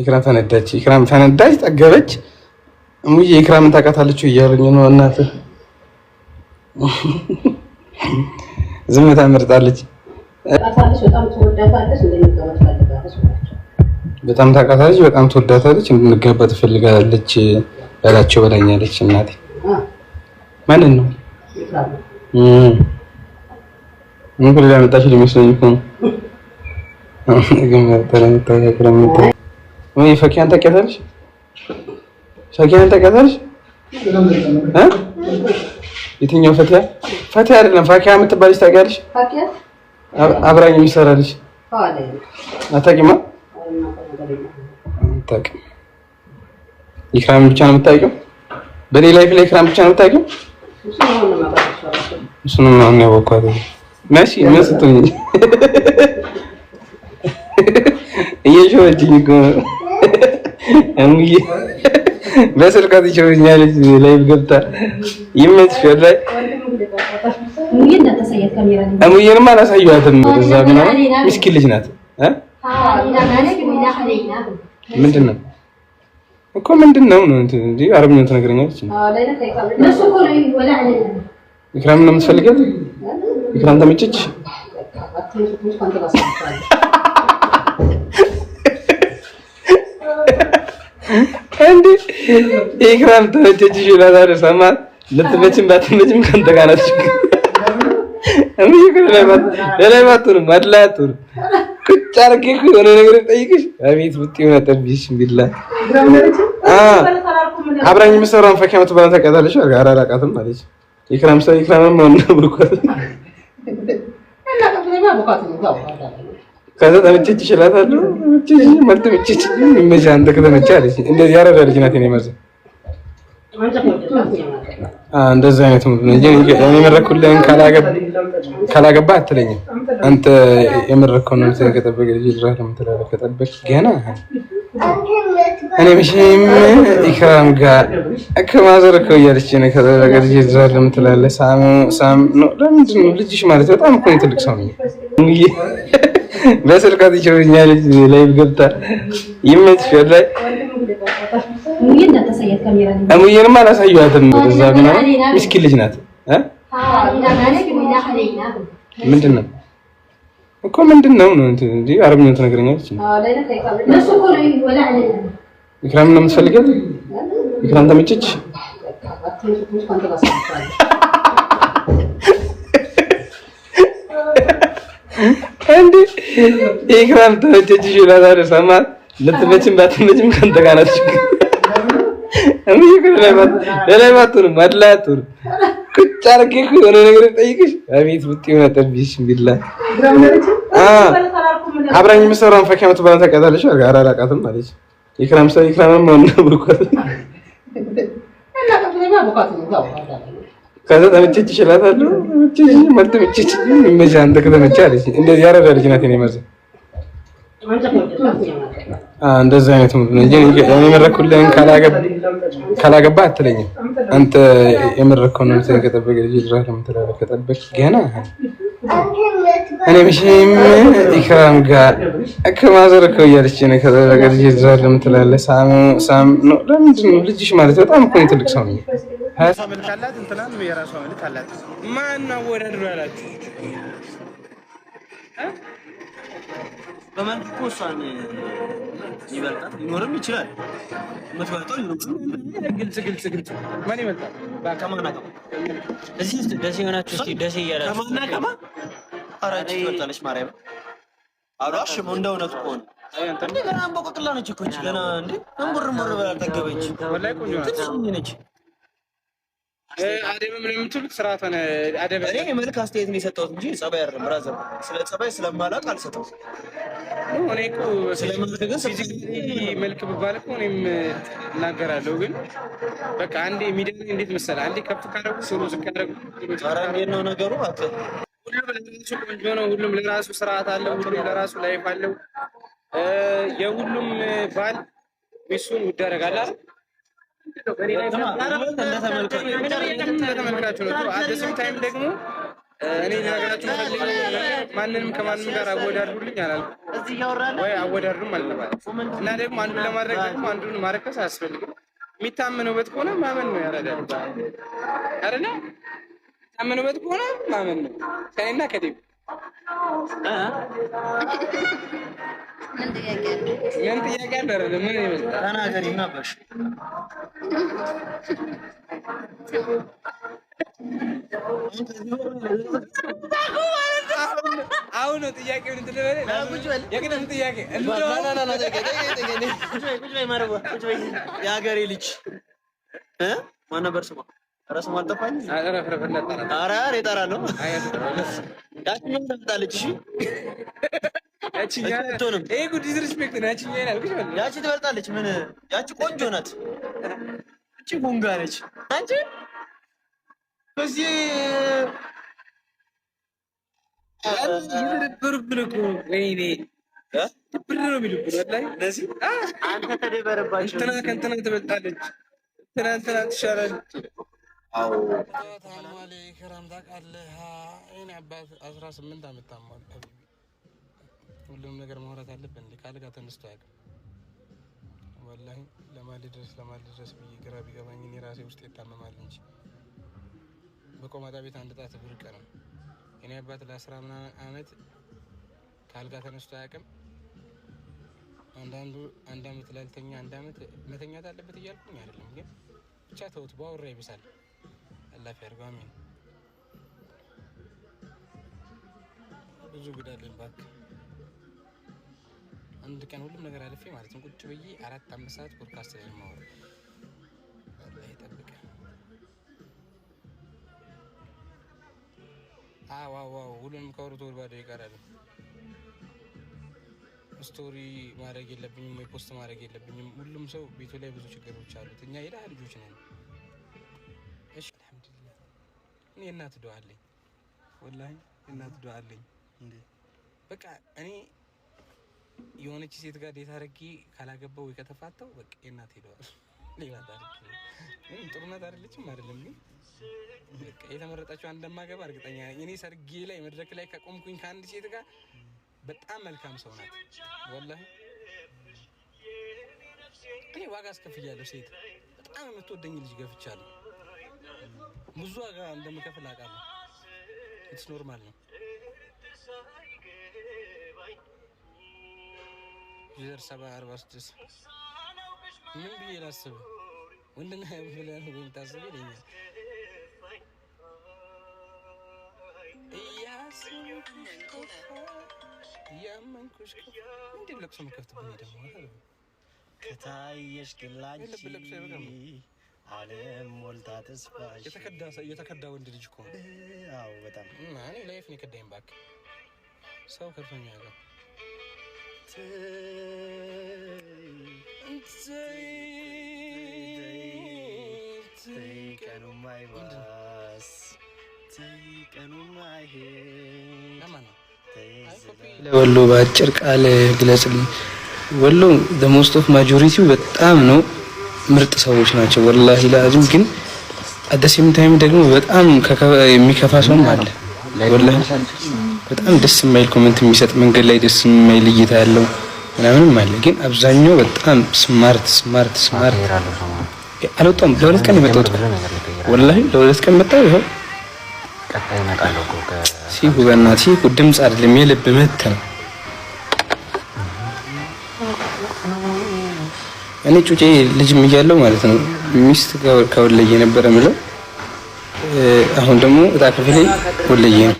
ኢክራም ፈነዳች፣ ኢክራም ፈነዳች፣ ጠገበች። እሙዬ ኢክራምን ታውቃታለች እያሉኝ ነው። እናት ዝምታ መርጣለች። በጣም ታውቃታለች፣ በጣም ትወዳታለች፣ እንድንጋባ ትፈልጋለች በላቸው በላኛለች። እናቴ ማንን ነው ምን ሁሉ ያመጣሽ ሊመስለኝ እኮ ነው ወይ ፈኪያን ተቀተልሽ ፈኪያን ተቀተልሽ የትኛው ፈኪያ ፈኪያ አይደለም ፈኪያ የምትባልሽ ታውቂያለሽ አብራኝ የሚሰራልሽ አታውቂማ አታውቂም ኢክራም ብቻ ነው የምታውቂው በኔ ላይፍ ላይ ኢክራም ብቻ ነው የምታውቂው እሱንም ነው ያወኳት መሲ ምን ስትሆኝ እኮ ነው በስል በስልካ ትችለኛለች። ላይ ገብታ ይመችሻል። ላይ እሙዬንማ አላሳየኋትም። እዛ ምናምን ምስኪን ልጅ ናት። ምንድን ነው እኮ ምንድን ነው እንዲህ አረብኛ ትነግረኛለች። ኢክራም ነው የምትፈልገው? ኢክራም ተመቸች ኢክራም ተመቸችሽ ይላታል። ሰማ ልትመችም ባትመችም ከአንተ ጋር ናት። ለላይ ባትሆንም አድላይ አትሆንም። ቁጭ አድርጌ እኮ የሆነ ነገር ጠይቅሽ አቤት ሆነ ነጠብሽ ቢላ አብራኝ የምትሰራውን ፈኪያ የምትባለው ታውቃታለሽ። አራራቃትም አለች ይክራም ሰው ኢክራምም ማን ነው ብልኳት ከዛ ተመቸች ይችላታሉ መርጥ ብችች ይመች አንተ ከተመቸህ አለች። እንደዚህ ያረዳ ልጅ ናት። ኔ መርዝ እንደዚህ አይነት እኔ የመረኩልህን ካላገባ አትለኝም። አንተ የመረከውን ከጠበቀ ልጅ ከጠበቅ ገና እኔ መቼም ኢክራም ጋር ከማዘር እኮ እያለች ነው። ከዛ ነገር ይዛል ምትላለህ። ሳም ሳም ነው። ለምንድን ነው ልጅሽ ማለት በጣም እኮ ትልቅ ሰው ነው። በስልክ ልጅ ላይ ገብታ ይመችሽ። ወላሂ እሙዬንማ አላሳየኋትም። እዛ ምስኪን ልጅ ናት። ምንድን ነው እኮ ምንድን ነው ነው እንዴ? አረብኛ ትነግረኛለች። ኢክራም ነው የምትፈልገው? ኢክራም ተመቸች። እንዴ ኢክራም ተመቸች ይላል አይደል? ልትመችም ባትመችም ከአንተ ጋር ናት። ቁጭ አድርጌ የሆነ ነገር ጠይቅሽ፣ አቤት ውጤ መጠብሽ ቢላ አብራኝ ፈኪያ አለች። ሰው ከዛ ተመቸች መልት ይመቻ ከተመቸ አለች። እንደዚህ ያረዳ ልጅ ናት የኔ እንደዚህ አይነት የመረኩልን ካላገባ አትለኝም። አንተ የመረከው ነው ተከተበቅ ልጅ ድራሽ ለምትላለ ከጠበቅ ገና እኔ ብሽም ኢክራም ጋር ከማዘር እኮ እያለች ነው። ከዛ ልጅ ድራሽ ሳም ሳም ነው። ለምንድን ነው ልጅሽ ማለት በጣም እኮ ነው ትልቅ ሰው ነው። እንትናን የራሷ መልክ አላት። ማን በመልክ እኮ እሷን ይበልጣል፣ ሊኖርም ይችላል። የምትበልጠው ግልጽ ግልጽ ግልጽ ማን ይበልጣል? ከማና ከማ እዚህ ውስጥ ደሴ የሆናችሁ እስኪ ደሴ እያላችሁ ከማና ከማ ኧረ ትበልጣለች። ማርያም አሏሽም እንደ እውነቱ ከሆነ እንደ ገና እንቦቆቅላ ነች እኮ ገና እንደ እምቡር ብላ አልጠገበች ትንሽ ነች። አደብም ነው የምትሉት ስርዓቷን አደብ። እኔ መልክ አስተያየት ነው የሰጠሁት እንጂ ጸባይ አይደለም። ብራዘር ስለ ጸባይ ስለማላቅ አልሰጠሁት። እኔ እኮ ስለ መልክ ግን መልክ ብባል እኮ እኔም እናገራለሁ። ግን በቃ አንዴ ሚዲያ እንዴት መሰለህ፣ አንዴ ከፍ ካደረጉ ስሩ ዝቅ ያደረጉ። ኧረ እንዴት ነው ነገሩ? ሁሉም ለራሱ ቆንጆ ነው። ሁሉም ለራሱ ስርዓት አለው። ሁሉም ለራሱ ላይፍ አለው። የሁሉም ባል ሚስቱን ውድ ያደርጋል አይደል ተመልካች ነው። አደስም ታይም ደግሞ እኔ ነገራችሁ ማንንም ከማንም ጋር አወዳድሩልኝ አላልኩም ወይ አወዳድሩም አልነበረም። እና ደግሞ አንዱን ለማድረግ ደግሞ አንዱን ማረከስ አያስፈልግም። የሚታመንበት ከሆነ ማመን ነው ያረዳል አይደለ? የሚታመንበት ከሆነ ማመን ነው ከእኔና ከዴብ ምን ጥያቄ አለ? ምን ጥያቄ አለ? ምን ይመስላል? አሁን ነው ጥያቄው። እንትን በለ የቅደም ጥያቄ የሀገሬ ልጅ ማን ነበር ስሟ? ኧረ ስሟ አልጠፋኝ። ኧረ እጠራለሁ። ያችን ምን ትመጣለች? እሺ ያቺ ትበልጣለች። ምን ያቺ ቆንጆ ናት። እቺ ጉንጋ ነች። አንቺ በዚህ ወይኔ ብር ነው የሚልብን። ወላሂ እነዚህ አንተ ተደበረባቸው። እንትና ከእንትና ትበልጣለች፣ እንትና እንትና ትሻላለች። ታማሌ ክረምታ ቃልህ እኔ አባት አስራ ስምንት ዓመት ታሟል። ሁሉም ነገር ማውራት አለብን። ቃል ጋር ተነስቶ አያውቅም። ወላሂ ለማልድረስ ለማልድረስ ብዬ ግራ ቢገባኝ እኔ ራሴ ውስጥ ይታመማል እንጂ በቆማጣ ቤት አንድ ጣት ብርቅ ነው። እኔ አባት ለአስራ ምናምን አመት ከአልጋ ተነስቶ አያውቅም። አንዳንዱ አንድ አመት ላልተኛ አንድ አመት መተኛት አለበት እያልኩኝ አይደለም፣ ግን ብቻ ተውት። በአውራ ይብሳል። አላፊ አድርገው። አሜን። ብዙ ግዳለን ባክ አንድ ቀን ሁሉም ነገር አልፌ ማለት ነው ቁጭ ብዬ አራት አምስት ሰዓት ፖድካስት ላይ ማወር ላይ ጠብቀ አዋዋው ሁሉንም ከወሩት ወርባዶ ይቀራል። ስቶሪ ማድረግ የለብኝም ወይ ፖስት ማድረግ የለብኝም። ሁሉም ሰው ቤቱ ላይ ብዙ ችግሮች አሉት። እኛ የዳ ልጆች ነን። እሺ አልሐምዱሊላህ። እኔ እናት ዱዓ አለኝ፣ ወላሂ እናት ዱዓ አለኝ። እንዴ በቃ እኔ የሆነች ሴት ጋር ዴት አድርጊ ካላገባው ወይ ከተፋተው በቃ የእናት ሄደዋል። ሌላ ታሪክ ጥሩነት አይደለችም፣ አይደለም ግን በቃ የተመረጠችው እንደማገባ እርግጠኛ እኔ ሰርጌ ላይ መድረክ ላይ ከቆምኩኝ ከአንድ ሴት ጋር በጣም መልካም ሰው ናት። ወላሂ እኔ ዋጋ አስከፍያለሁ። ሴት በጣም የምትወደኝ ልጅ ገፍቻለሁ። ብዙ ዋጋ እንደምከፍል አውቃለሁ። ኢትስ ኖርማል ነው። ዘር ሰባ አርባ ስድስት ምን ብዬ ላስብ? ወንድና ብለን የምታስብ ይለኛል የተከዳ ወንድ ልጅ እኮ አዎ፣ እኔ ላይፍ ነው የከዳኝ። እባክህ ሰው ከፍቶኛ ወሎ በአጭር ቃል ግለጽልኝ። ወሎ ሞስት ኦፍ ማጆሪቲው በጣም ነው ምርጥ ሰዎች ናቸው። ወላሂ ላዚም ግን አደሴም ታይም ደግሞ በጣም የሚከፋ ሰውም አለ። በጣም ደስ የማይል ኮመንት የሚሰጥ መንገድ ላይ ደስ የማይል እይታ ያለው ምናምንም አለ። ግን አብዛኛው በጣም ስማርት ስማርት ስማርት አልወጣም። ለሁለት ቀን የመጣሁት ወላሂ ለሁለት ቀን መጣሁ። ይኸው ሲሁ በእናትህ ሲሁ ድምፅ አይደለም የልብ ምት ነው። እኔ ጩጬ ልጅም እያለሁ ማለት ነው ሚስት ከወለየ ነበረ ምለው አሁን ደግሞ እጣ ክፍሌ ወለየ ነው።